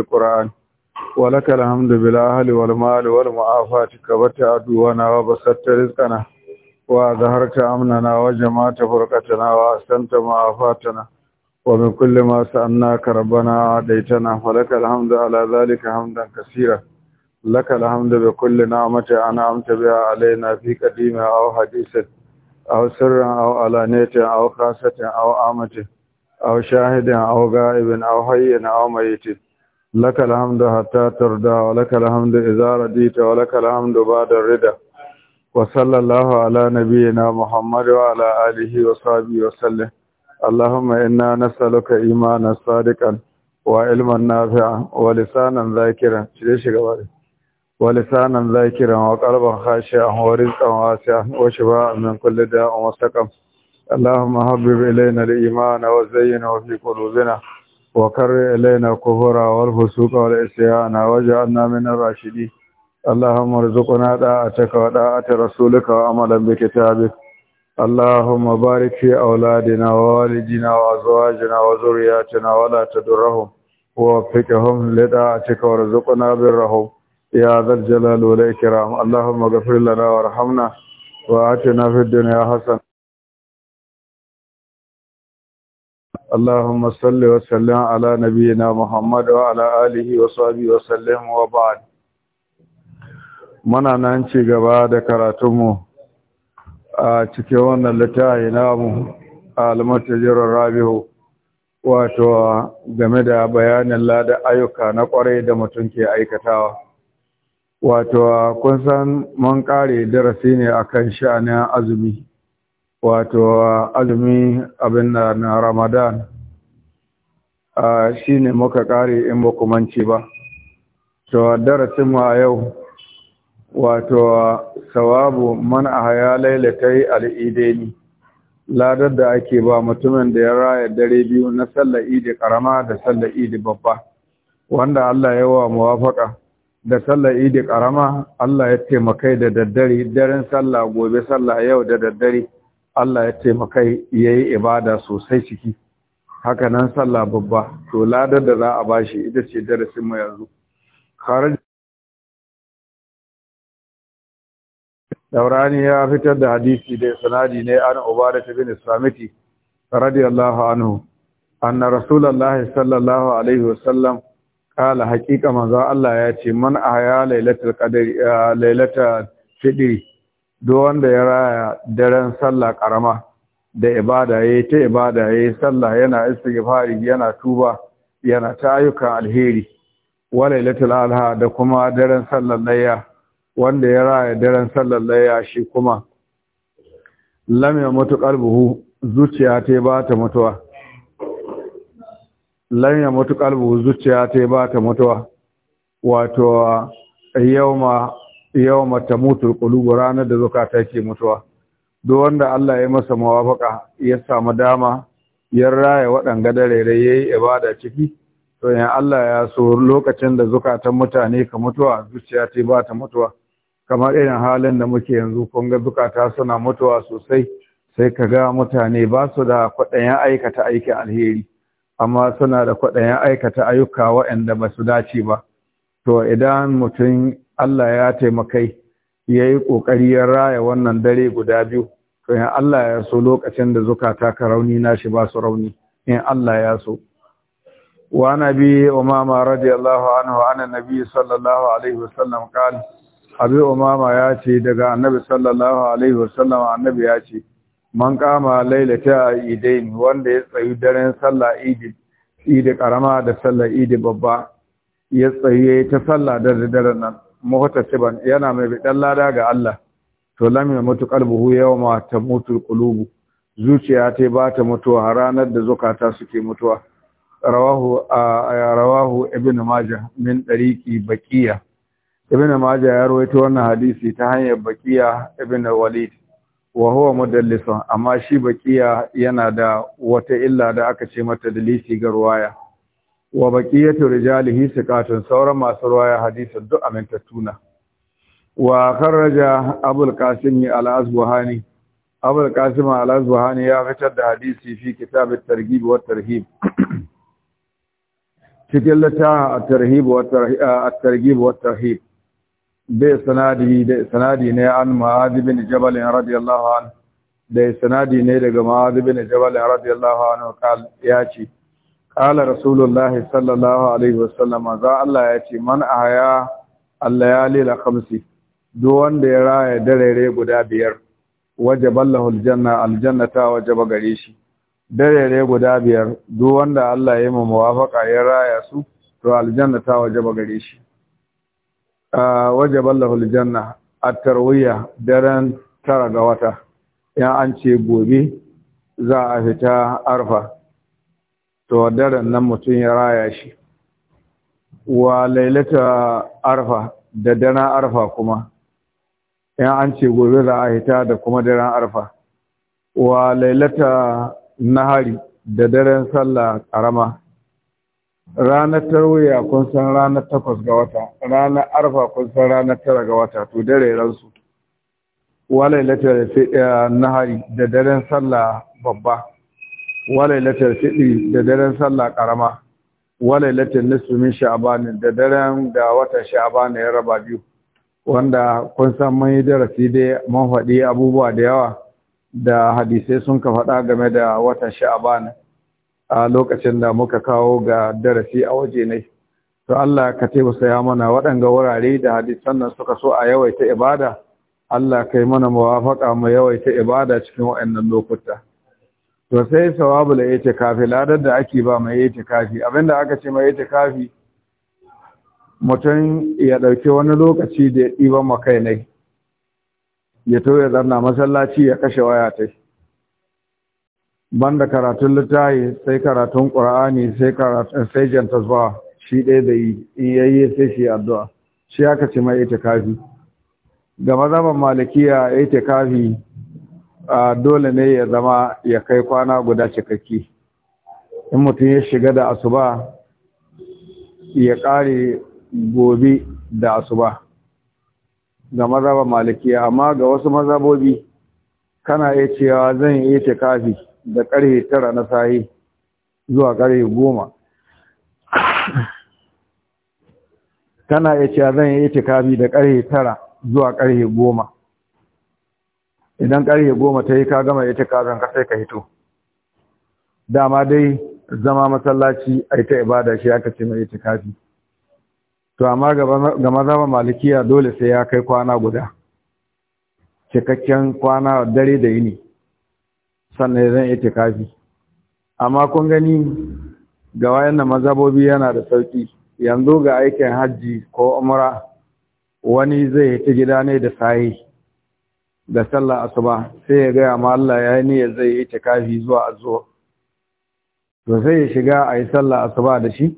القرآن ولك الحمد بالأهل والمال والمعافات كبت عدونا وبسطت رزقنا وأظهرت أمننا وجمعت فرقتنا وأسنت معافاتنا ومن كل ما سألناك ربنا عديتنا ولك الحمد على ذلك حمدا كثيرا لك الحمد بكل نعمة أنعمت بها علينا في قديمة أو حديثة أو سرا أو علانية أو خاصة أو عامة أو شاهد أو غائب أو حي أو ميت لك الحمد حتى ترضى ولك الحمد إذا رديت ولك الحمد بعد الرضا وصلى الله على نبينا محمد وعلى آله وصحبه وسلم اللهم إنا نسألك إيمانا صادقا وعلما نافعا ولسانا ذاكرا ولسانا ذاكرا وقلبا خاشعا ورزقا واسعا وشفاء من كل داء وسقم اللهم حبب إلينا الإيمان وزينه في قلوبنا وقر إلينا كفرا والفسوق والإسيانا وجعلنا من الراشدين اللهم ارزقنا طاعتك وطاعة رسولك وعملا بكتابك اللهم بارك في أولادنا ووالدنا وأزواجنا وزرياتنا ولا تدرهم ووفقهم لطاعتك ورزقنا برهم يا ذا الجلال والإكرام اللهم اغفر لنا وارحمنا وآتنا في الدنيا حسنة اللهم صل وسلم على نبينا محمد وعلى آله وصحبه وسلم وبعد muna nan ci gaba da karatunmu a cikin wannan littafi namu al-mutajirar rabihu wato game da bayanin lada ayyuka na kwarai da mutum ke aikatawa wato kun san mun kare darasi ne akan sha'anin azumi wato azumi abin da na ramadan shi ne muka kare in ba kumanci ba to darasin mu a yau wato sawabu man a haya lailatai al'idaini ladar da ake ba mutumin da ya raya dare biyu na sallar idi karama da sallar idi babba wanda Allah ya wa muwafaka da sallar idi karama Allah ya taimakai da daddare daren sallah gobe sallah yau da daddare Allah ya taimaka ya yi ibada sosai ciki haka nan sallah babba to ladar da za a bashi ita ce darasin mu yanzu Daurani ya fitar da hadisi da sanadi ne an Ubada bin Samiti radiyallahu anhu anna Rasulallah sallallahu alaihi wasallam kala haqiqa manzo Allah ya ce man aya lailatul qadri lailatul fidri duk wanda ya raya daren sallah karama da ibada yayi ta ibada yayi sallah yana istighfari yana tuba yana ta ayyukan alheri walailatul alha da kuma daren sallar layya wanda ya raya daren sallar layya shi kuma lamya ya mutu zuciya ta ba ta mutuwa lamya mutu zuciya ta ba ta mutuwa wato ma yau mata mutul kulubu ranar da zukata ke mutuwa duk wanda Allah ya masa mawafaka ya samu dama ya raya waɗanga dare ya yi ibada ciki to ya Allah ya so lokacin da zukatan mutane ka mutuwa zuciya ta ba ta mutuwa kamar irin halin da muke yanzu kun ga zukata suna mutuwa sosai sai ka ga mutane ba su da kwaɗayen aikata aikin alheri amma suna da kwaɗayen aikata ayyuka waɗanda ba su dace ba to idan mutum Allah ya taimakai ya yi ƙoƙari ya raya wannan dare guda biyu to in Allah ya so lokacin da zukata ka rauni na shi ba su rauni in Allah ya so wa nabi umama radiyallahu anhu ana nabi sallallahu alaihi wasallam qal abi umama ya ce daga annabi sallallahu alaihi wasallam annabi ya ce man kama lailata idain wanda ya tsayi daren sallah idi idi karama da sallah idi babba ya tsaye ta sallah da daren nan muhtasiban yana mai bidan lada ga Allah to lam Buhu ma ta mutu kulubu zuciya ta ba ta mutuwa a ranar da zukata suke mutuwa rawahu rawahu ibn majah min dariqi baqiya ibn majah ya rawaito wannan hadisi ta hanyar baqiya ibn walid wa huwa mudallisun amma shi baqiya yana da wata illa da aka ce mata dalisi ga ruwaya wa baqiyatu rijalihi siqatun sauran masu ruwaya hadisin duk amintattuna wa kharraja abul qasim al-azbuhani abul qasim al-azbuhani ya fitar da hadisi fi kitab at-targhib wa tarhib cikin littafin at-tarhib wa at-targhib wa tarhib bai sanadi da sanadi ne an ma'ad ibn jabal radiyallahu anhu da sanadi ne daga ma'ad ibn jabal radiyallahu anhu kal ya ce ƙala rasulullahi sallallahu alaihi wasallam za Allah ya ce man ahaya allayali la khamsi duk wanda ya raya darere guda biyar wajaballahu aljanna aljannata wajaba gare shi darere guda biyar duk wanda Allah ya yi muwafaka ya raya su to aljannata wajaba gare shi wajaballahu aljanna at-tarwiya daren tara ga wata ya an ce gobe za a fita arfa to daren nan mutum ya raya shi wa lailata arfa da daren arfa kuma yan an ce gobe za a hita da kuma daren arfa wa lailata nahari da daren sallah karama ranar tarwiya kun san ranar takwas ga wata ranar arfa kun san ranar tara ga wata to dare ransu lailata nahari da daren sallah babba walailatul fiɗi da daren sallah karama walailatul nisfi min sha'ban da daren da watan sha'ban ya raba biyu wanda kun san mun yi darasi dai mun faɗi abubuwa da yawa da hadisai sun ka faɗa game da watan sha'ban a lokacin da muka kawo ga darasi a waje ne to Allah ka taimaka ya mana waɗanga wurare da hadisan nan suka so a yawaita ibada Allah kai mana muwafaqa mu yawaita ibada cikin waɗannan lokuta to sai sawabu la kafi. ladar da ake ba mai kafi. abinda aka ce mai kafi? mutum ya ɗauki wani lokaci da ya ma kai ne ya to ya zanna masallaci ya kashe waya ta banda karatun littafi sai karatun qur'ani sai karatun sai janta zuwa shi ɗaya da yi yayye sai shi addu'a shi aka ce mai kafi ga mazhaban malikiya kafi. dole ne ya zama ya kai kwana guda cikakki in mutum ya shiga da asuba ya ƙare gobe da asuba ga mazaba malikiya amma ga wasu mazabobi kana iya cewa zan yi itikafi da ƙarfe tara na sahi zuwa ƙarfe goma kana iya cewa zan yi itikafi da ƙarfe tara zuwa ƙarfe goma idan ƙarfe goma ta yi ka gama ita kazan ka sai ka hito dama dai zama masallaci a ita ibada shi aka ce mai itikafi to amma ga maza ma malikiya dole sai ya kai kwana guda cikakken kwana dare da yini sannan zan itikafi amma kun gani ga na mazabobi yana da sauki yanzu ga aikin hajji ko umra wani zai hita gida ne da sahi da sallah asuba sai ya gaya ma Allah ya yi niyyar zai yi tikafi zuwa azuwa to sai ya shiga a yi sallah asuba da shi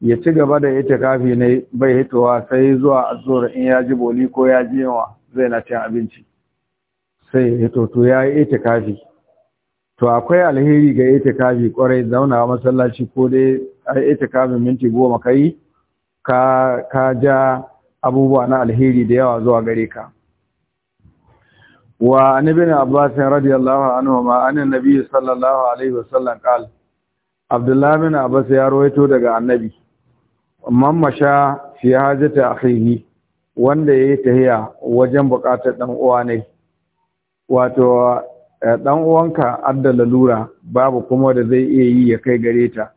ya ci gaba da itikafi ne bai hitowa sai zuwa azuwa in ya ji boli ko ya ji yawa zai na cin abinci sai ya hito to ya yi itikafi to akwai alheri ga itikafi kwarai zauna masallaci ko dai itikafin minti goma kai ka ka ja abubuwa na alheri da yawa zuwa gare ka Wa ابن عباس رضي الله عنهما عن النبي صلى الله عليه وسلم قال عبد Abbas ya عباس daga annabi man masha fi hajati akhihi wanda yayi tahiya wajen bukatar dan uwa ne wato dan eh, uwanka adda lalura babu kuma da zai iya yi ya kai gare ta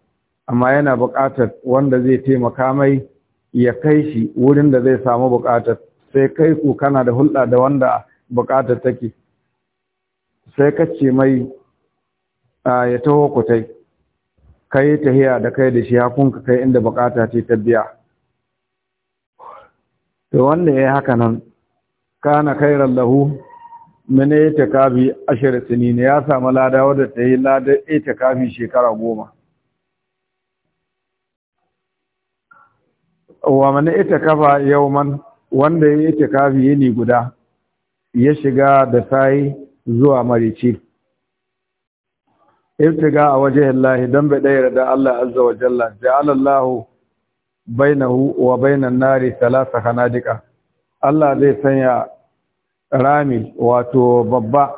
amma yana bukatar wanda zai taimaka mai ya kai shi wurin da zai samu bukatar sai kai ku kana da hulɗa da wanda bukata take sai ka ce mai ya taho kutai ka yi tahiya da kai da shi hakunka kai inda bukata ce ta biya to wanda ya yi haka nan kana kairan lahu mene ya takabi ashirin sinini ya samu lada wadda ta yi lada ya takabi shekara goma wa mana ita kafa yau man wanda ya yi takabi yini guda ya shiga da sayi zuwa marici irtiga a wajen Allah don bai ɗaya da Allah azza wa jalla ja'ala Allah bainahu wa bainan nari talata hanadika Allah zai sanya rami wato babba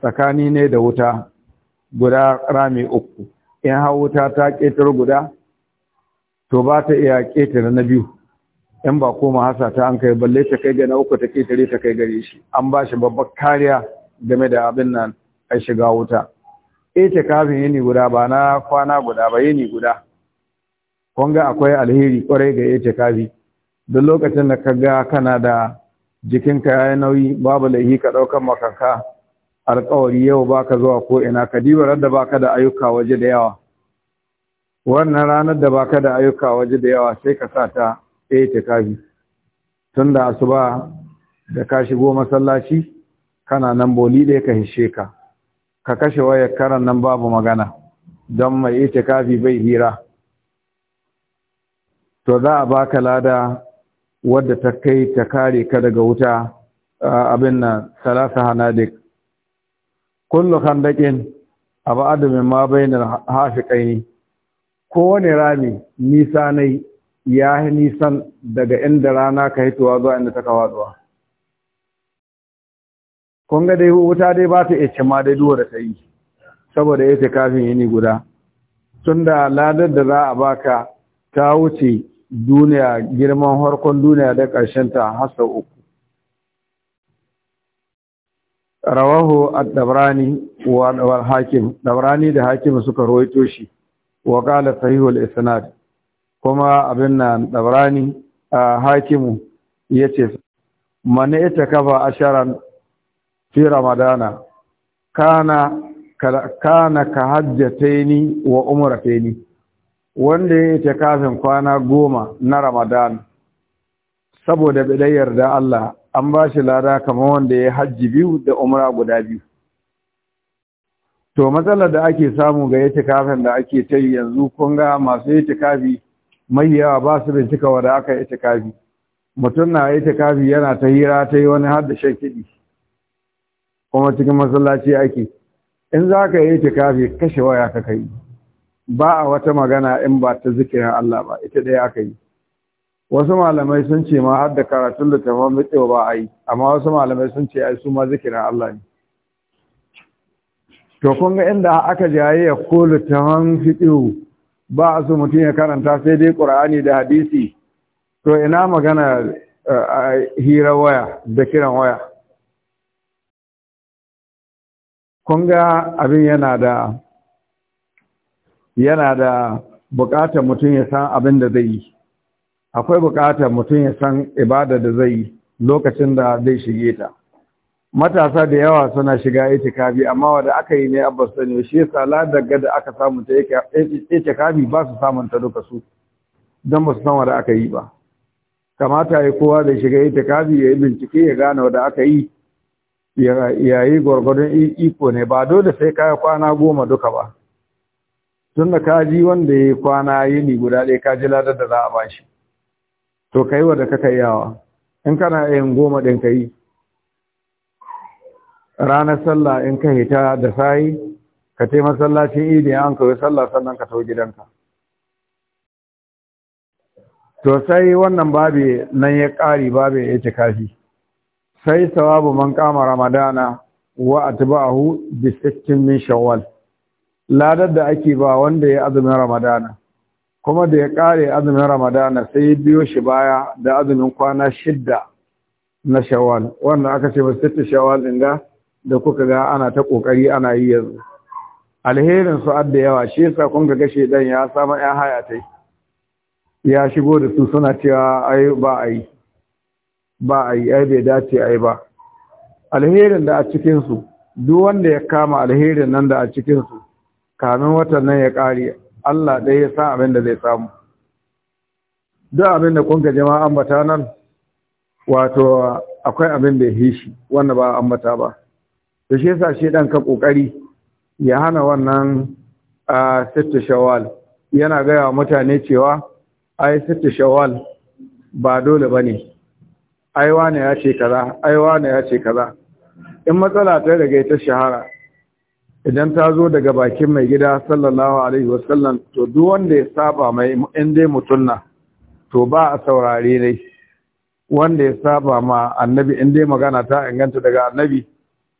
tsakani ne da wuta guda rami uku in ha wuta ta ƙetar guda to ba ta iya ƙetare na biyu Yan ba koma hasa ta an kai balle ta kai ga uku ta ketare ta kai gare shi an ba shi babbar kariya game da abin nan a shiga wuta E, ta kafin yini guda ba na kwana guda ba yini guda kun akwai alheri kwarai ga ita kafi duk lokacin da ka ga kana da jikinka ya nauyi babu laihi ka ɗaukar makaka alkawari yau baka zuwa ko ina ka dibar da baka da ayyuka waje da yawa wannan ranar da baka da ayyuka waje da yawa sai ka sa ta itikafi tun da asuba da ka shigo masallaci kana nan boli ɗaya ka hishe ka ka kashe wayar karan nan babu magana don mai itikafi bai hira to za a baka lada wadda ta kai ta kare ka daga wuta abin nan salasa hanadik kullu khandakin abu adamin ma bainar hafiqaini kowane rami nisa nai ya yi nisan daga inda rana ka hitowa zuwa inda ta kawa kun ga dai wuta dai ba ta iya ma dai duwa da ta yi saboda ya ce kafin yini guda tun da ladar da za a baka ta wuce duniya girman harkon duniya da ƙarshenta hasa uku rawahu a dabrani wa hakim dabrani da hakim suka rawaito shi wa ƙala sahihul isnad kuma abin nan a hakimu ya mani ita kafa asharan fi ramadana kana kana ka hajjataini wa umrataini wanda ya ita kafin kwana goma na Ramadana. saboda bidayyar da Allah an ba shi lada kamar wanda ya hajji biyu da umra guda biyu to matsalar da ake samu ga itikafin da ake ta yanzu kun ga masu itikafi mai yawa ba su bincika da aka yi itikafi mutum na yi itikafi yana ta hira ta yi wani har da shan kiɗi kuma cikin masallaci ake in za ka yi itikafi kashe waya ka kai ba a wata magana in ba ta zikirin Allah ba ita ɗaya aka yi wasu malamai sun ce ma har da karatun littafin mitsewa ba a yi amma wasu malamai sun ce ai su ma zikirin Allah ne to kun ga inda aka jaye ya ko littafin fitihu ba a su mutum ya karanta sai dai ƙur'ani da hadisi to ina magana a hira waya da kiran waya ƙunga abin yana da yana da buƙatar mutum ya san abin da zai yi akwai buƙatar mutum ya san ibada da zai yi lokacin da zai shige ta matasa da yawa suna shiga itikafi amma wanda aka yi ne abba sani shi yasa ladaga da aka samu ta itikafi ba su samun ta duka su don ba su san wanda aka yi ba kamata ya kowa da shiga itikafi ya yi bincike ya gane wanda aka yi ya yi gwargwadon iko ne ba dole sai kaya kwana goma duka ba tun da kaji wanda ya kwana yini guda ɗaya kaji ladar da za a bashi to kai wanda kaka yawa in kana yin goma ɗin ka yi ranar sallah in ka hita da sayi ka tema masallacin idi an kawai sallah sannan ka tau gidanka to sai wannan babe nan ya ƙari babe ya ci kashi sai sawabu man kama ramadana wa atba'ahu bi sittin min shawwal ladar da ake ba wanda ya azumin ramadana kuma da ya ƙare azumin ramadana sai ya biyo shi baya da azumin kwana shidda na shawwal wanda aka ce ba sittin shawwal din ga da kuka ga ana ta ƙoƙari ana yi yanzu alherin su adda yawa shi yasa kun ga gashe dan ya samu ya haya ta ya shigo da su suna cewa ai ba ai ba ai ai bai dace ai ba alherin da a cikin su duk wanda ya kama alherin nan da a cikin su kamin watan nan ya kare Allah dai ya san abin da zai samu duk abin da kun ga jama'an ambata nan wato akwai abin da ya hishi wanda ba ambata ba to shi yasa shi dan ka kokari ya hana wannan a sitta shawal. yana gaya wa mutane cewa ai sitta shawal, ba dole bane ai wane ya ce kaza ai wane ya ce kaza in matsala ta daga ta shahara idan ta zo daga bakin mai gida sallallahu alaihi wasallam to duk wanda ya saba mai in dai mutunna to ba a saurare ne. wanda ya saba ma annabi in dai magana ta inganta daga annabi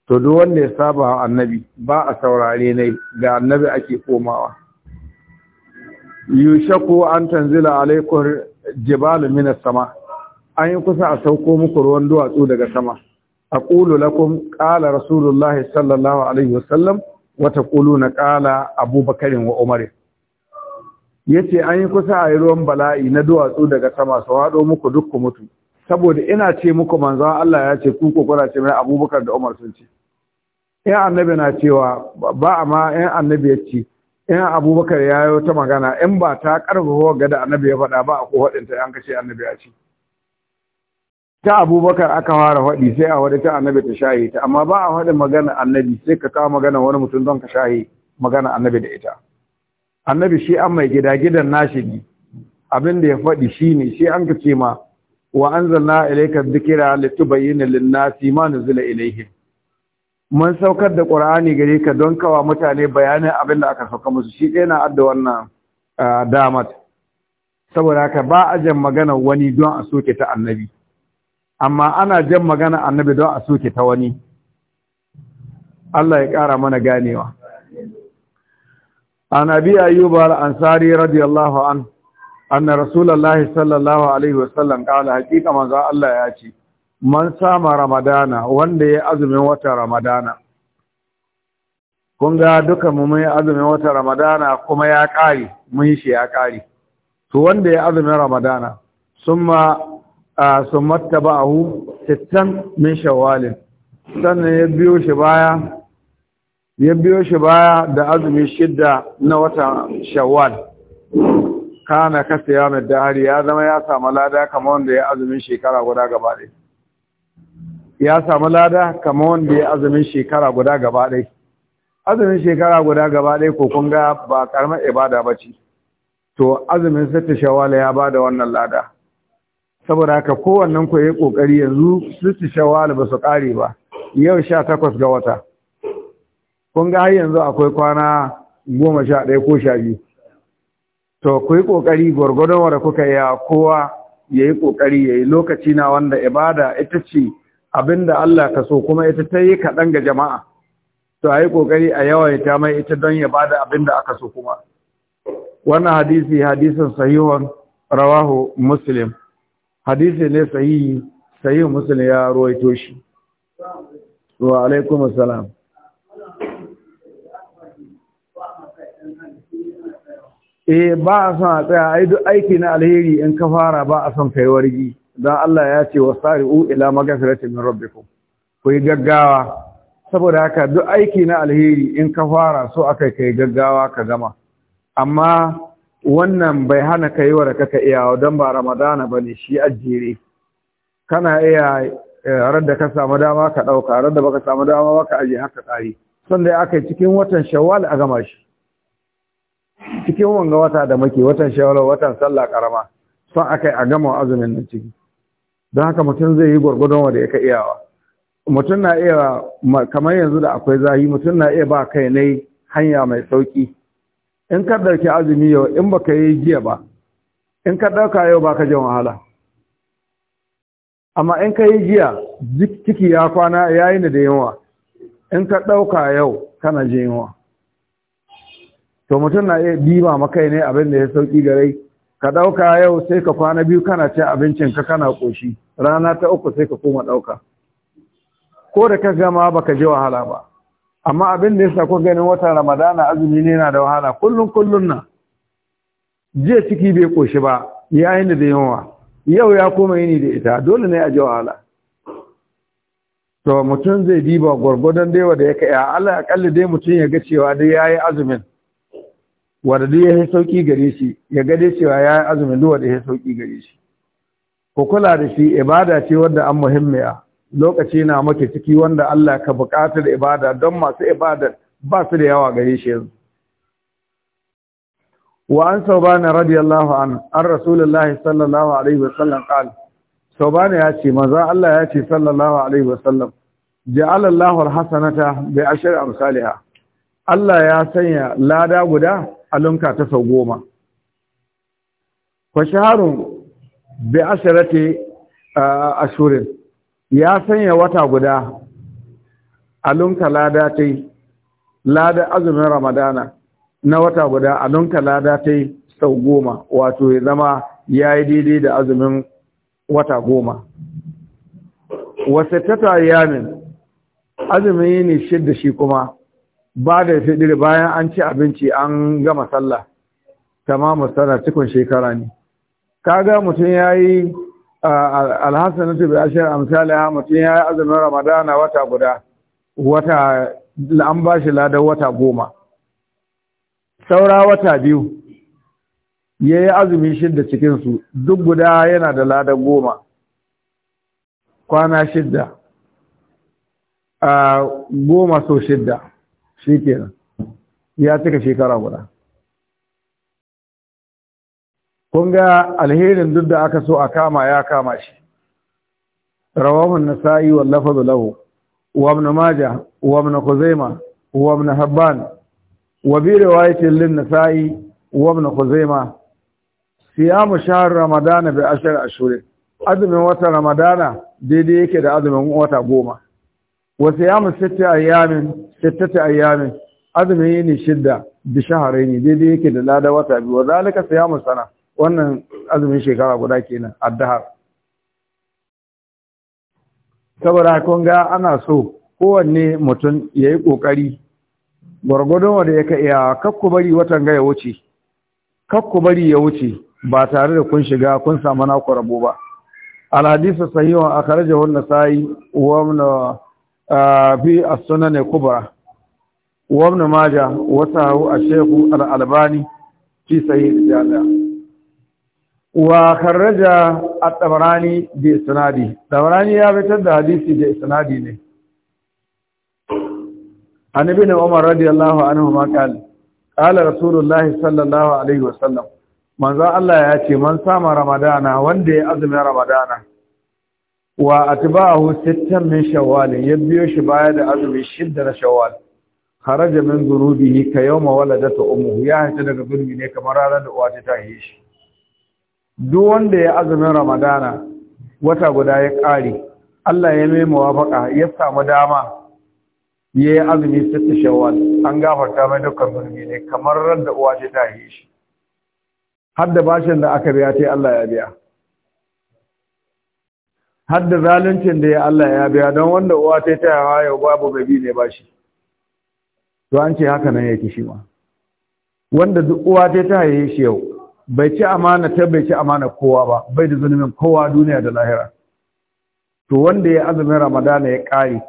to duk wanda ya saba wa annabi ba a saurare ne ga annabi ake komawa yushaku an tanzila alaikum jibalu minas sama an yi kusa a sauko muku ruwan duwatsu daga sama aqulu lakum qala rasulullahi sallallahu alaihi wasallam wa taquluna qala abubakarin wa umar yace an yi kusa a yi ruwan bala'i na duwatsu daga sama su haɗo muku duk mutu saboda ina ce muku Manzo, Allah ya ce ku kokora ce mai abubakar da umar sun ce in annabi na cewa ba a ma in annabi ya ce in abubakar ya yi wata magana in ba ta karfafa ga da annabi ya faɗa ba a ko an kashe annabi ya ce ta abubakar aka fara faɗi sai a wadata ta annabi ta shaye ta amma ba a faɗin magana annabi sai ka kawo magana wani mutum don ka shaye magana annabi da ita annabi shi an mai gida gidan nashi ne abin da ya faɗi shi ne shi an ka ce ma wa anzalna ilayka dhikra litubayyana linnasi sima ma nuzila ilaihe mun saukar da ƙur'ani gare ka don kawa mutane bayanin abin da aka sauka musu shi ɗaya na adda wannan damat saboda haka ba a jan magana wani don a soke ta annabi amma ana jan magana annabi don a soke ta wani Allah ya ƙara mana ganewa an abi ayyuba ansari radiyallahu anhu ana rasulullahi sallallahu alaihi wasallam kala hakika manzo Allah ya ce man sama ramadana wanda ya azumin wata ramadana kun ga duka mu mai azumin wata ramadana kuma ya kare mun shi ya kare to wanda ya azumin ramadana summa summa tabahu sittan min shawwal sannan ya biyo shi baya da azumi shidda na wata shawal. kana ka siya mai dahari ya zama ya samu lada kama wanda ya azumin shekara guda gaba ɗai ya samu lada kama wanda ya azumin shekara guda gaba ɗai azumin shekara guda gaba ɗai ko kun ga ba karamar ibada ba ce to azumin sitta shawala ya ba da wannan lada saboda haka kowannen ku yi yanzu sitta shawala ba su ƙare ba yau sha takwas ga wata kun ga har yanzu akwai kwana goma sha ɗaya ko sha biyu to ku yi ƙoƙari gwargwadon wanda kuka ya kowa ya yi ƙoƙari ya yi lokaci na wanda ibada ita ce abin da Allah ka so kuma ita ta yi kaɗan ga jama'a to a yi ƙoƙari a ta mai ita don ya bada abin da aka so kuma wannan hadisi hadisin sahihun rawahu muslim hadisi ne sahihi sahihu muslim ya rawaito shi wa alaikum assalam eh ba a son a tsaya ai duk aiki na alheri in ka fara ba a son kai wargi dan Allah ya ce wasari'u ila magfiratin min rabbikum ku yi gaggawa saboda haka duk aiki na alheri in ka fara so akai kai gaggawa ka gama amma wannan bai hana ka yi waraka ka iyawa don ba ramadana ba ne shi ajere kana iya eh, rar da ka samu dama ka ɗauka rar da baka samu dama ba ka ajiye haka tsari sannan aka cikin watan shawwal a gama shi cikin wanga wata da muke watan shawarar watan sallah karama son aka yi a gama azumin nan ciki don haka mutum zai yi gwargwadon wanda ya ka iyawa mutum na iya kamar yanzu da akwai zahi mutum na iya ba kai ne hanya mai sauki in ka ɗauki azumi yau in ba ka yi jiya ba in ka ɗauka yau ba ka jin wahala amma in ka yi jiya ciki ya kwana ya yi da yunwa in ka ɗauka yau kana jin yunwa to mutum na iya diba makai ne abin da ya sauki gare ka ɗauka yau sai ka kwana biyu kana cin abincin ka kana ƙoshi rana ta uku sai ka koma ɗauka ko da ka gama baka ji wahala ba amma abin da ya sa ku ganin watan ramadana azumi ne na da wahala kullum kullum na jiya ciki bai ƙoshi ba ya yi da yawa yau ya koma yini da ita dole ne a ji wahala to mutum zai diba gwargwadon daiwa da ya kai Allah akalli dai mutum ya ga cewa dai ya yi azumin wanda duk ya yi sauƙi gare shi ya gade cewa ya yi azumin duk wanda ya yi sauƙi gare shi ku kula da shi ibada ce wanda an muhimmiya lokaci na maka ciki wanda Allah ka buƙatar ibada don masu ibada ba su da yawa gare shi yanzu wa an saubana radiyallahu an an rasulullahi sallallahu alaihi wasallam qal saubana ya ce maza Allah ya ce sallallahu alaihi wasallam ja'ala Allahu al-hasanata bi ashri amsalha Allah ya sanya lada guda alunka ta sau goma fashaharun bi a shurin. ya sanya wata guda alunka lada ta yi lada azumin ramadana na wata guda alunka lada ta yi sau goma wato ya zama ya yi daidai da azumin wata goma wasu tata yamin azumin shi shidda shi kuma ba da fidir bayan an ci abinci an gama sallah tamamu sana cikin shekara ne kaga mutum ya yi alhassan na bi ashir amsali ha mutum ya yi azumin ramadana wata guda wata an ba shi ladar wata goma saura wata biyu ya yi azumi shidda cikinsu duk guda yana da ladar goma kwana shidda goma so shidda shi kenan ya cika shekara guda kun ga alherin duk da aka so a kama ya kama shi na sa’i wa lafazu lahu wa ibn majah wa ibn khuzaimah wa ibn habban wa bi riwayatin lin sa’i wa ibn siyamu shahar ramadana bi ashirin, ashirin, azumin wata ramadana daidai yake da azumin wata goma wasu yamu sitte ayyamin sittati ayyamin azumi ne shidda bi shahrayn daidai yake da lada wata biyu wazalika siyamu sana wannan azumin shekara guda kenan addahar saboda kun ga ana so kowanne mutum ya yi ƙoƙari gwargwadon wanda ya ka iya kakku bari watan ga ya wuce kakku bari ya wuce ba tare da kun shiga kun samu naku rabo ba al hadisu sahihun akhrajahu an fi as-sunan al-kubra wa ibn majah wa sahu ash-shaykh al-albani fi sahih al-jami' wa kharraja at-tabarani bi isnadi tabarani ya fitar da hadisi da isnadi ne annabi ne umar radiyallahu anhu ma qala qala rasulullahi sallallahu alaihi wasallam manzo Allah ya ce man sama ramadana wanda ya azumin ramadana wa atba'ahu sittan min shawwal ya biyo shi baya da azumi shidda na shawwal kharaja min dhurubihi ka yawma waladatu ummuhu ya hita daga gurbi ne kamar ranar da uwa ta tahe shi duk wanda ya azumin ramadana wata guda ya kare Allah ya mai muwafaka ya samu dama ya yi azumi sittan shawwal an gafarta mai dukkan gurbi ne kamar ranar da uwa ta yi shi har da bashin da aka biya sai Allah ya biya har da zaluncin da ya Allah ya biya don wanda uwa ta ta yawa yau babu babi ne ba shi to an ce haka nan yake shi ma wanda duk uwa ta ta yayi shi yau bai ci amana ta bai ci amana kowa ba bai da zunubin kowa duniya da lahira to wanda ya azumin ramadana ya kare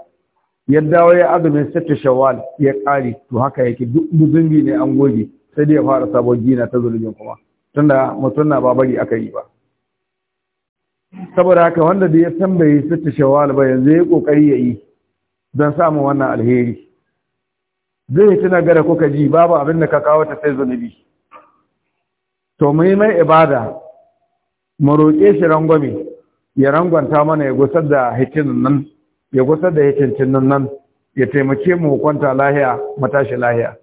ya dawo ya azumin sittu shawwal ya kare to haka yake duk zunubi ne an goge sai da ya fara sabon gina ta zunubin kuma tunda mutum na ba bari aka yi ba saboda haka wanda da ya san bai ta shawwal ba yanzu ya kokari yi don samun wannan alheri zai tuna gara kuka ji babu abin da ka kawo ta sai zunubi to mu mai ibada mu roƙe shi rangwame ya rangwanta mana ya gusar da hikinin nan ya gusar da hikincin nan ya taimake mu kwanta lahiya mu tashi lahiya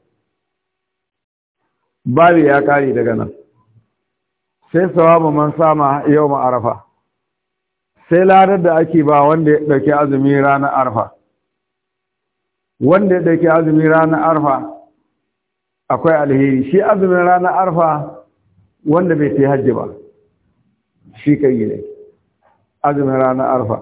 babu ya kare daga nan sai sawabu man sama yau ma'arafa sai ladar da ake ba wanda ya ɗauki azumi ranar arfa wanda ya ɗauki azumi ranar arfa akwai alheri shi azumin ranar arfa wanda bai ta hajji ba shi yi ne azumin ranar arfa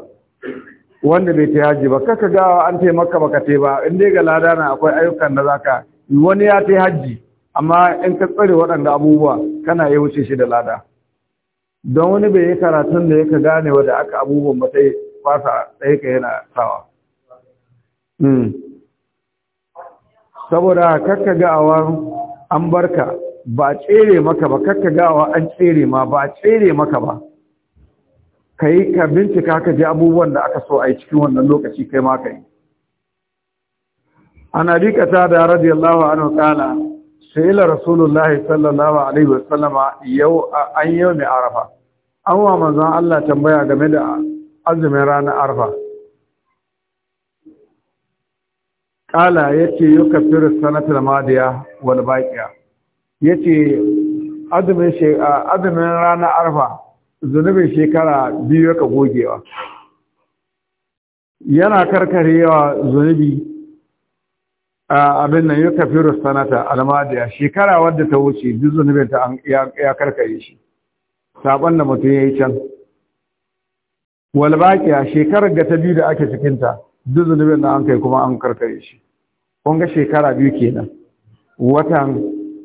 wanda bai ta hajji ba kaka gawa an ce maka baka te ba in dai ga lada na akwai ayyukan da zaka wani ya ta hajji amma in ka tsare waɗanda abubuwa kana yi wuce shi da lada don wani bai yi karatun da yaka gane wadda aka abubuwan ba fasa ɗaya ka yana sawa hmm. saboda kakka gawa an barka ba tsere maka ba kakka gawa an tsere ma ba tsere maka ba ka yi ka bincika ka ji abubuwan da aka so a yi cikin wannan lokaci kai ma ka yi ana rikata da radiyallahu anhu kala sayila rasulullahi sallallahu alaihi wasallama yau an yau mai arafa an wa manzon Allah tambaya game da azumin ranar arafa kala yace yukaffiru sanatul madiya wal baqiya yace azumin azumin ranar arafa zunubin shekara biyu ka gogewa yana karkarewa zunubi abin nan ya kafiru sanata almadiya shekara wadda ta wuce duk zunubin ta ya karkare shi Sabon da mutum ya yi can walbaƙiya shekarar ga ta biyu da ake cikinta duk zunubin da an kai kuma an karkare shi kun ga shekara biyu kenan watan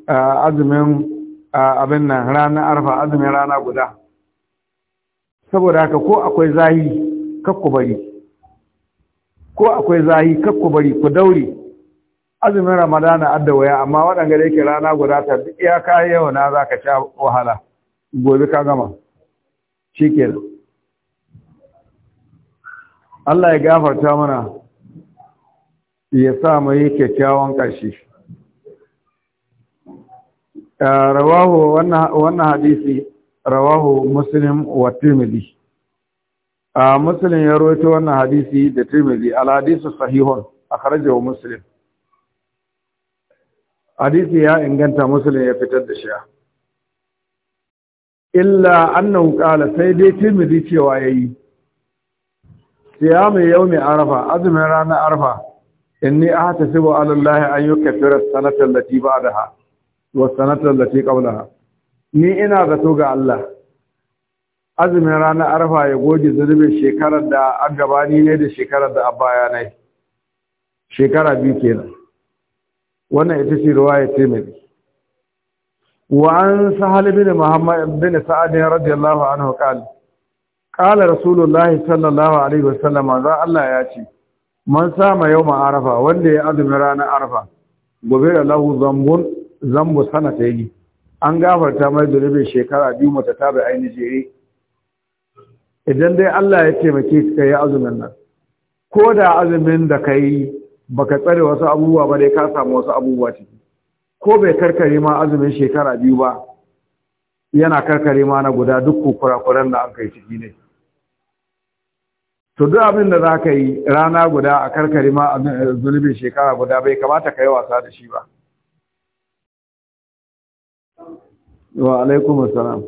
azumin abin nan ranar arfa azumin rana guda saboda haka ko akwai zahi kakku bari ko akwai zahi kakku bari ku daure azumin ramadana adda waya amma waɗanda da yake rana guda ta duk kayi yau na za ka sha wahala gobe ka gama shi ke Allah ya gafarta mana ya sa mu yi kyakkyawan ƙarshe rawahu wannan hadisi rawahu muslim wa tirmidhi muslim ya rawaito wannan hadisi da tirmidhi al hadisu sahihun akhrajahu muslim hadisi ya inganta musulun ya fitar da shi illa annahu qala sai dai tirmidhi cewa yayi yau yawmi arafa azumin ranar arafa inni ahtasibu ala allah an yukaffira sanata allati ba'daha wa sanata allati qablaha ni ina zato ga Allah azumin rana arfa ya goge zunubin shekarar da an gabani ne da shekarar da abaya ne shekara biyu kenan wannan ita ce ruwaya tirmidhi wa an sahal bin muhammad bin sa'ad radiyallahu anhu Kala kala rasulullahi sallallahu alaihi wasallam za Allah ya ce man sama yawma arafa wanda ya azumi ranar arafa gobe da lahu zambun zambu ta yi an gafarta mai zunubin shekara biyu mata ta bai aini jere idan dai Allah ya taimake ka yi azumin nan ko da azumin da ka yi baka tsare wasu abubuwa ba dai ka samu wasu abubuwa ciki ko bai karkare ma azumin shekara biyu ba yana karkare ma na guda duk kukurakuran da an kai ciki ne to duk abin da za ka yi rana guda a karkare ma eh, zunubin shekara guda bai kamata ka yi wasa da shi ba wa alaikum assalam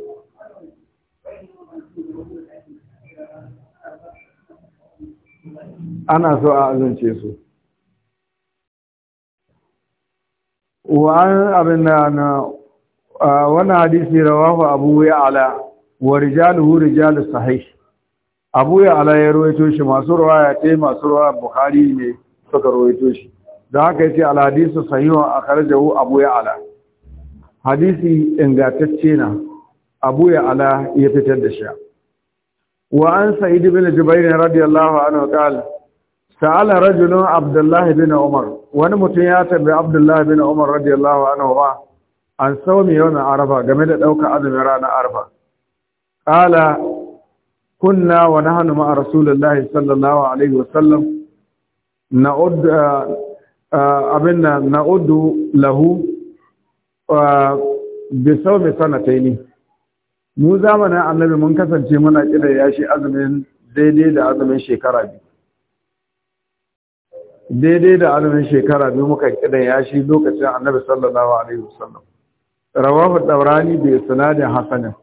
ana so a azance su abin da wani وعن ابن وانا حديثي رواه ابو يعلى ورجاله رجال صحيح ابو Abu ya ala ya rawaito shi masu riwaya tai masu riwaya bukhari ne suka rawaito shi da haka yace al hadisu sahihu akhrajahu abu ya ala? hadisi ingantacce na abu ya ala ya fitar da shi wa an sa'id ibn jubair radiyallahu anhu qala sa'ala rajulun abdullahi bin umar wani mutum ya tambayi abdullahi bin umar radiyallahu anhu wa? an saumi yawon arafa game da dauka azumin ranar arafa qala kunna wa nahnu ma'a rasulullahi sallallahu alaihi wasallam na'ud abinna na'udu lahu bi saumi sanataini mu zamanin annabi mun kasance muna kira yashi shi azumin daidai da azumin shekara biyu daidai da azumin shekara biyu muka kidan yashi lokacin annabi sallallahu alaihi wasallam rawahu dawrani bi isnadin hasan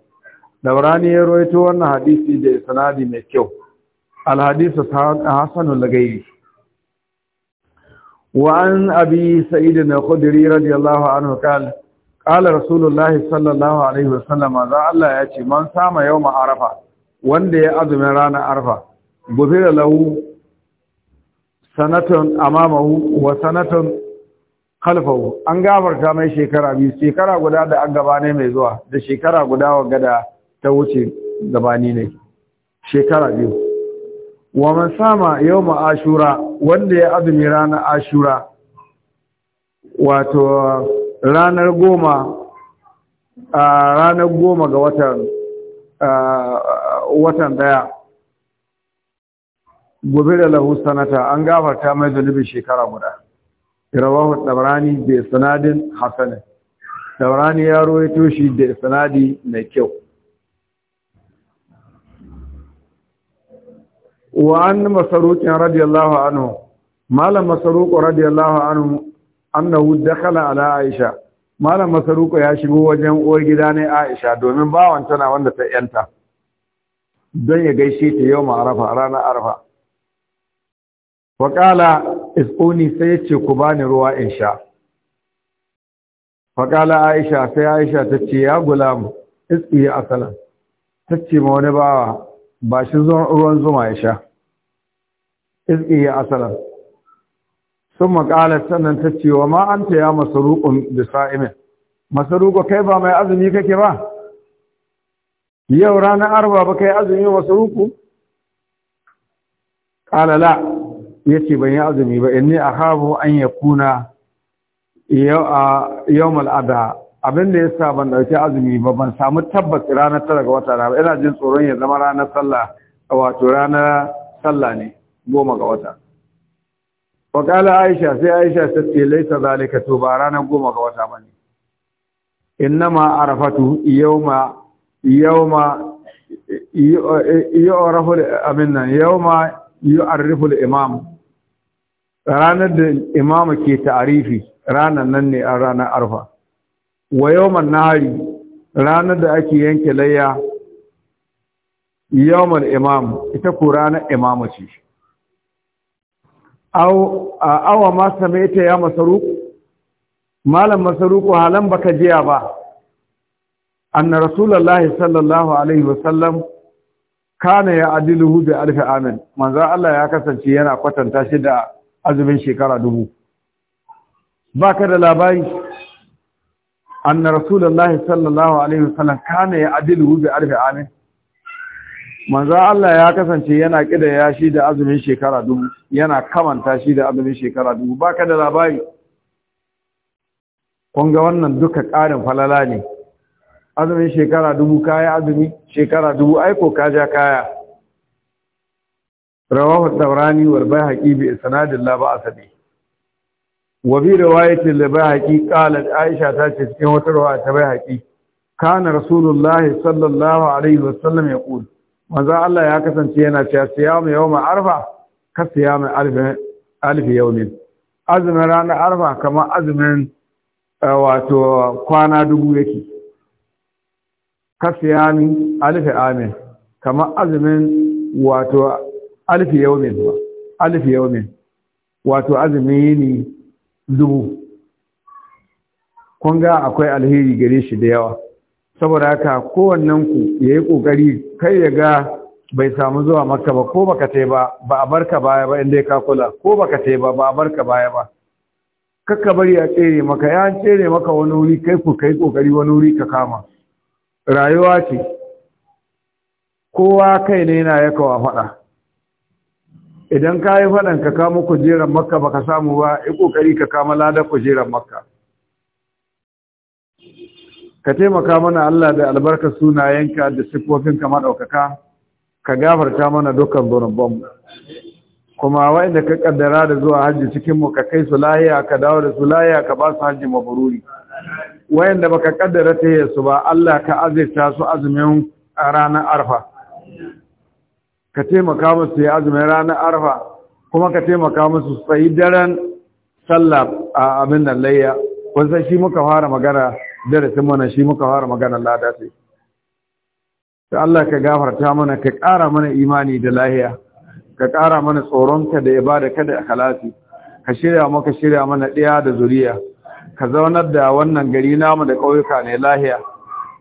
dawrani ya rawaito wannan hadisi da isnadi mai kyau al hadisu hasanul lagayi an abi سعيد الخدري khudri radiyallahu anhu قال قال رسول الله صلى الله عليه وسلم ذا الله يأتي من سام يوم عرفة وان دي أزم رانا عرفة غفر له sanatun amamahu wa sanatun khalfahu an gafarta mai shekara biyu shekara guda da an gabane mai zuwa da shekara guda wa gada ta wuce gabani ne shekara biyu wa man sama yawma ashura wanda ya azumi ranar ashura wato ranar goma a ranar goma ga watan watan daya gobe da lahu sanata an gafarta mai zunubin shekara guda rawahu tabrani bi sanadin hasan tabrani ya rawaito shi da sanadi mai kyau wa an masarokin radiyallahu anhu malam masruq radiyallahu anhu annahu dakhala ala aisha malam masaruko ya shigo wajen uwar gida ne aisha domin bawan tana wanda ta yanta don ya gaishe ta yau ma'arafa ranar arafa wa qala sai sai ce ku bani ruwa in sha fa aisha sai aisha ta ce ya gulam asala. asalan ce ma wani bawa ba shi ruwan zuma ya sha ya asalan sun maƙala sannan ta ce wa ma'anta ya masarukun da sa'imin masaruku kai ba mai azumi kake ba yau ranar arba ba kai azumi masaruku ƙalala yace ban yi azumi ba inni Habu an yakuna yawmal adha abin da yasa ban dauke azumi ba ban samu tabbas ranar tara ga wata ba ina jin tsoron ya zama ranar sallah wato ranar sallah ne goma ga wata wa kala aisha sai aisha ta ce laisa zalika to ba ranar goma ga wata bane innama arafatu yawma yawma yu'rafu aminna yawma yu'arrifu al-imam ranar da imama ke ta'arifi ranar nan ne a ranar arfa wa na nahari ranar da ake yanke layya man imam ita ko ranar imama ce awa ma mai ta ya masaruku malam masaruku halan baka jiya ba anna Rasulallah sallallahu alaihi wasallam kana ya adiluhu bi alfi amin manzo Allah ya kasance yana kwatanta shi da azumin shekara dubu ba ka da labari anna rasulullahi sallallahu alaihi wasallam kana ya adilu bi arfi amin manzo Allah ya kasance yana kida ya shi da azumin shekara dubu yana kamanta shi da azumin shekara dubu ba ka da labari kun ga wannan duka ƙarin falala ne azumin shekara dubu kaya azumi shekara dubu aiko kaja kaya rawahu tabrani wal bayhaqi bi isnadin la ba'sa bi wa bi riwayatin la bayhaqi qalat aisha ta ce cikin wata riwaya ta bayhaqi kana rasulullahi sallallahu alaihi wasallam yaqul manzo Allah ya kasance yana cewa siyamu yawma arfa ka siyamu alf alf azumin ranar arfa kamar azumin wato dubu yake ka siyami alf azumin wato alfi yawmin ba alfi yawmin wato azumi ne dubu kun ga akwai alheri gare shi da yawa saboda haka kowannen ku ya yi kokari kai ya ga bai samu zuwa makka ba ko baka tai ba ba a barka baya ba inda ka kula ko baka tai ba ba a barka baya ba kakka bari a tsere maka ya tsere maka wani wuri kai ku kai kokari wani wuri ka kama rayuwa ce kowa kai ne yana yakawa faɗa idan ka yi faɗan ka kama kujerar makka baka samu ba yi ƙoƙari ka kama ladar kujerar makka ka taimaka mana Allah da albarka sunayenka da siffofinka maɗaukaka ka gafarta mana dukkan zunubanmu kuma wa'inda ka kaddara da zuwa hajji cikinmu ka kai su lahiya ka dawo da su lahiya ka ba su hajji mabururi Wayanda baka ƙaddara ta su ba Allah ka azirta su azumin ranar arfa ka taimaka musu ya azumin ranar arfa kuma ka taimaka musu tsayi daren sallah a abin nan layya kun shi muka fara magana darasin mana shi muka fara magana lada sai ta Allah ka gafarta mana ka ƙara mana imani da lahiya ka ƙara mana tsoronka da ibada ka da akhlasi ka shirya maka shirya mana ɗaya da zuriya ka zaunar da wannan gari namu da ƙauyuka ne lahiya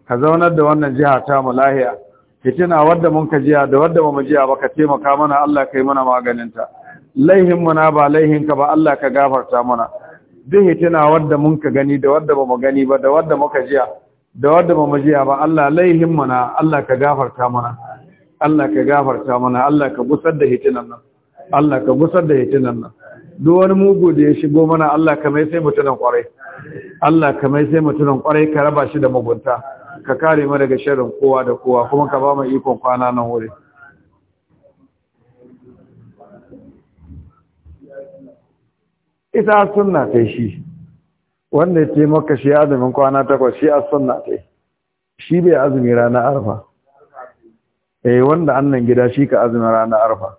ka zaunar da wannan jiha ta mu lahiya fitina wadda mun ka jiya da wadda mun jiya ba ka taimaka mana Allah kai mana maganinta laihin muna ba laihin ka ba Allah ka gafarta mana duk fitina wadda mun ka gani da wadda mu gani ba da wadda muka jiya da wadda bamu jiya ba Allah laihin muna Allah ka gafarta mana Allah ka gafarta mana Allah ka gusar da fitinan nan Allah ka gusar da fitinan nan duk wani mugu da ya shigo mana Allah ka mai sai mutunan kwarai Allah ka mai sai mutunan kwarai ka raba shi da mugunta ka kare mu daga sharrin kowa da kowa kuma ka ba mu ikon kwana nan wuri ita sunna ta shi wanda ya ce maka shi azumin kwana takwas shi a sunna ta shi bai azumi rana arfa eh wanda annan gida shi ka azumin rana arfa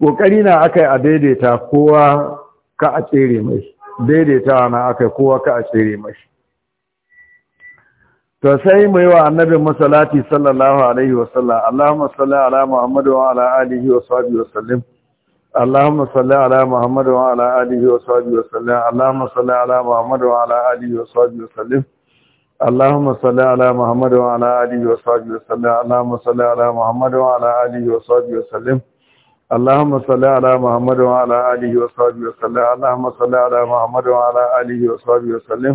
kokari na akai a daidaita kowa ka a tsere mai daidaitawa na akai kowa ka a tsere mai to sai mu yi wa annabi masalati sallallahu alaihi wa sallam Allahumma salli ala Muhammad wa ala alihi wa sahbihi wa sallim Allahumma salli ala Muhammad wa ala alihi wa sahbihi wa sallim Allahumma salli ala Muhammad wa ala alihi wa sahbihi wa sallim اللهم صل على محمد وعلى اله وصحبه وسلم اللهم صل على محمد وعلى اله وصحبه وسلم اللهم صل على محمد وعلى اله وصحبه وسلم اللهم صل على محمد وعلى اله وصحبه وسلم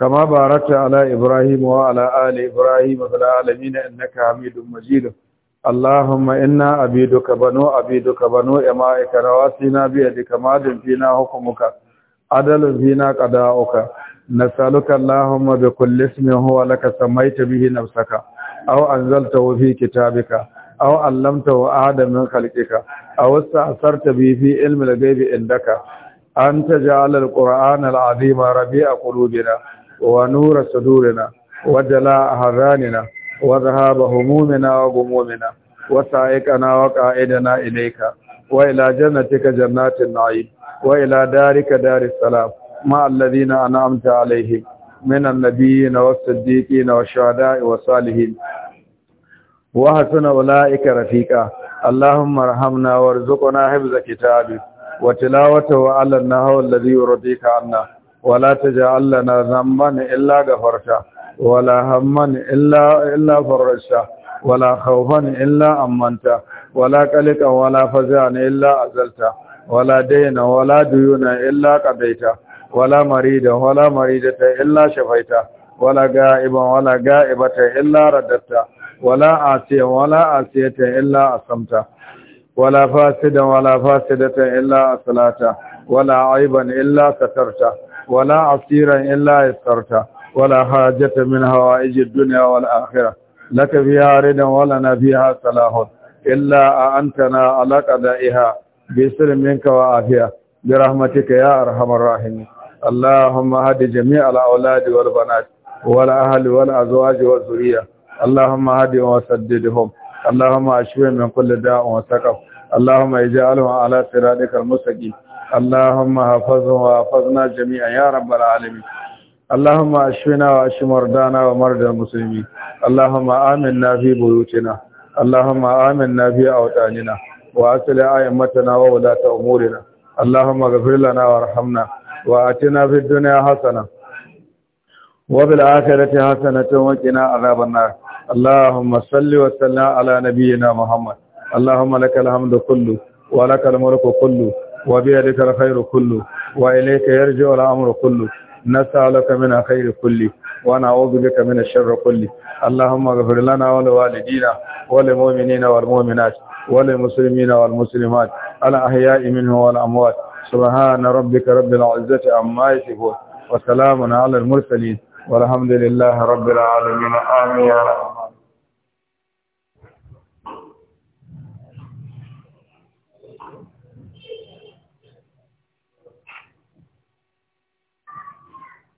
كما باركت على إبراهيم وعلى آل إبراهيم في العالمين إنك حميد مجيد اللهم إنا عبيدك بنو عبيدك بنو إمائك رواسينا بيدك ماد فينا حكمك عدل فينا قضاؤك نسألك اللهم بكل اسم هو لك سميت به نفسك أو أنزلته في كتابك أو علمته أحدا من خلقك أو استأثرت به في علم الغيب عندك أن تجعل القرآن العظيم ربيع قلوبنا ونور صدورنا وجلاء أحزاننا وذهاب همومنا وغمومنا وسائقنا وقائدنا إليك وإلى جنتك جنات النعيم وإلى دارك دار السلام مع الذين أنعمت عليهم من النبيين والصديقين والشهداء والصالحين وحسن أولئك رفيقا اللهم ارحمنا وارزقنا حفظ كتابك وتلاوته على النهو الذي يرضيك عنا ولا تجعل لنا ذنبا إلا غفرته ولا هما إلا, إلا فرجته ولا خوفا إلا أمنته ولا قلقا ولا فزعا إلا أزلته ولا دينا ولا ديونا إلا قضيته ولا مريدا ولا مريدة إلا شفيته ولا غائبا ولا غائبة إلا رددته ولا عاسيا ولا عاسية إلا أصمته ولا فاسدا ولا فاسدة إلا أصلاته ولا عيبا إلا سترته ولا عصيرا إلا يسرت ولا حاجة من هوائج الدنيا والآخرة لك فيها ردا ولنا فيها صلاح إلا أنتنا على قدائها بسر منك وعافية برحمتك يا أرحم الراحمين اللهم هد جميع الأولاد والبنات والأهل والأزواج والذرية اللهم هدهم وسددهم اللهم أشفهم من كل داء وسقم اللهم اجعلهم على صراطك المستقيم اللهم حفظه وحفظنا جميعا يا رب العالمين اللهم اشفنا واشف مرضانا ومرضى المسلمين اللهم آمنا في بيوتنا اللهم آمنا في أوطاننا وأصلح أئمتنا وولاة أمورنا اللهم اغفر لنا وارحمنا وآتنا في الدنيا حسنة وبالآخرة حسنة وقنا عذاب النار اللهم صل وسلم على نبينا محمد اللهم لك الحمد كله ولك الملك كله وبيدك الخير كله وإليك يرجع الأمر كله نسألك من الخير كله ونعوذ بك من الشر كله اللهم اغفر لنا ولوالدينا وللمؤمنين والمؤمنات وللمسلمين والمسلمات الأحياء منهم والأموات سبحان ربك رب العزة عما يصفون وسلام على المرسلين والحمد لله رب العالمين آمين يا رحمن